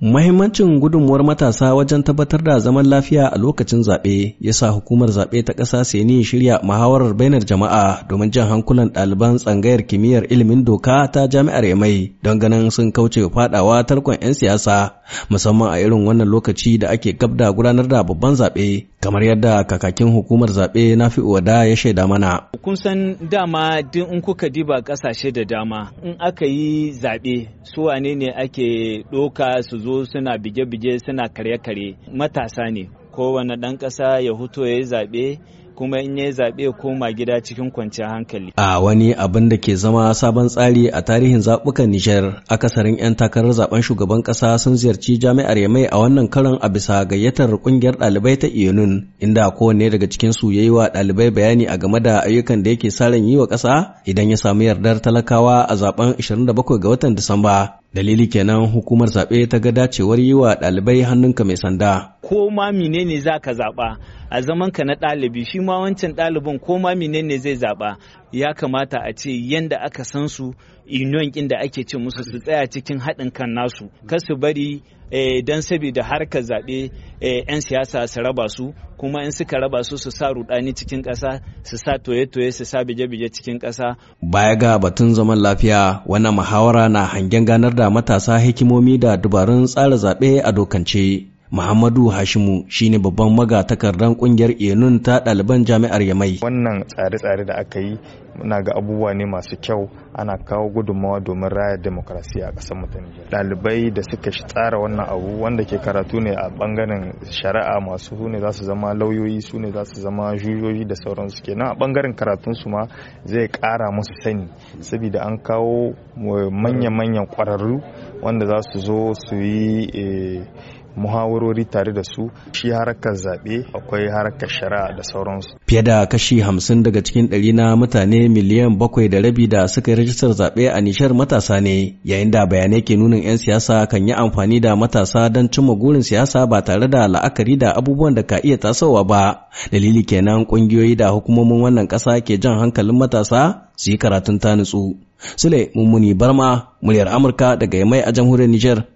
Mahimmancin gudunmuwar matasa wajen tabbatar da zaman lafiya a lokacin zaɓe ya sa hukumar zaɓe ta ƙasa Seni shirya muhawarar bainar jama'a domin jan hankulan ɗaliban tsangayar kimiyyar ilimin doka ta jami'ar Yamai don ganin sun kauce faɗawa tarkon 'yan siyasa musamman a irin wannan lokaci da ake gab da gudanar da babban zaɓe kamar yadda kakakin hukumar zaɓe na uwa da ya shaida mana. Kun san dama duk in kuka diba ƙasashe da dama in aka yi zaɓe su wane ne ake ɗoka su zo suna bige-bige suna kare kare matasa ne kowane ɗan ƙasa ya huto ya yi zaɓe kuma in ya zaɓe ya koma gida cikin kwanciyar hankali. A wani abin da ke zama sabon tsari a tarihin zaɓukan Nijar, akasarin 'yan takarar zaɓen shugaban ƙasa sun ziyarci jami'ar Yamai a wannan karon a bisa gayyatar ƙungiyar ɗalibai ta Iyonun, inda kowanne daga cikin su ya wa ɗalibai bayani a game da ayyukan da yake saran yi wa ƙasa idan ya samu yardar talakawa a zaben 27 ga watan Disamba. Dalili kenan hukumar zaɓe ta ga dacewar yi wa ɗalibai hannunka mai sanda. ko ma menene za ka zaɓa a zaman ka na ɗalibi shi ma wancan ɗalibin ko ma menene zai zaɓa ya kamata a ce yanda aka san su union ɗin da ake ce musu su tsaya cikin haɗin kan nasu kar su bari eh, don saboda harkar zaɓe 'yan eh, siyasa su raba su kuma in suka raba su su sa rudani cikin ƙasa su sa toye-toye su sa bije-bije cikin ƙasa. Baya ga batun zaman lafiya wannan muhawara na hangen ganar da matasa hikimomi da dubarun tsara zaɓe a dokance. Muhammadu Hashimu shine babban magatakardan kungiyar Enun ta ɗaliban jami'ar Yamai. Wannan tsare-tsare da aka yi muna ga abubuwa ne masu kyau ana kawo gudummawa domin raya demokrasiya a ƙasar mu ta Ɗalibai da suka tsara wannan abu wanda ke karatu ne a bangaren shari'a masu su ne za su zama lauyoyi su ne za su zama jujoji da sauransu kenan a bangaren karatun su ma zai ƙara musu sani saboda an kawo eh, manya-manyan kwararru wanda za su zo su yi eh, muhawarori tare da su shi harkar zaɓe akwai harkar shari'a da sauransu. Fiye da kashi hamsin daga cikin ɗari na mutane miliyan bakwai da rabi da suka yi rajistar zaɓe a nishar matasa ne yayin da bayanai ke nunin 'yan siyasa kan yi amfani da matasa don cimma gurin siyasa ba tare da la'akari da abubuwan da ka iya tasowa ba. Dalili kenan ƙungiyoyi da hukumomin wannan ƙasa ke jan hankalin matasa su yi karatun ta nutsu. Sule Mummuni Barma, muryar Amurka daga Yamai a jamhuriyar Nijar.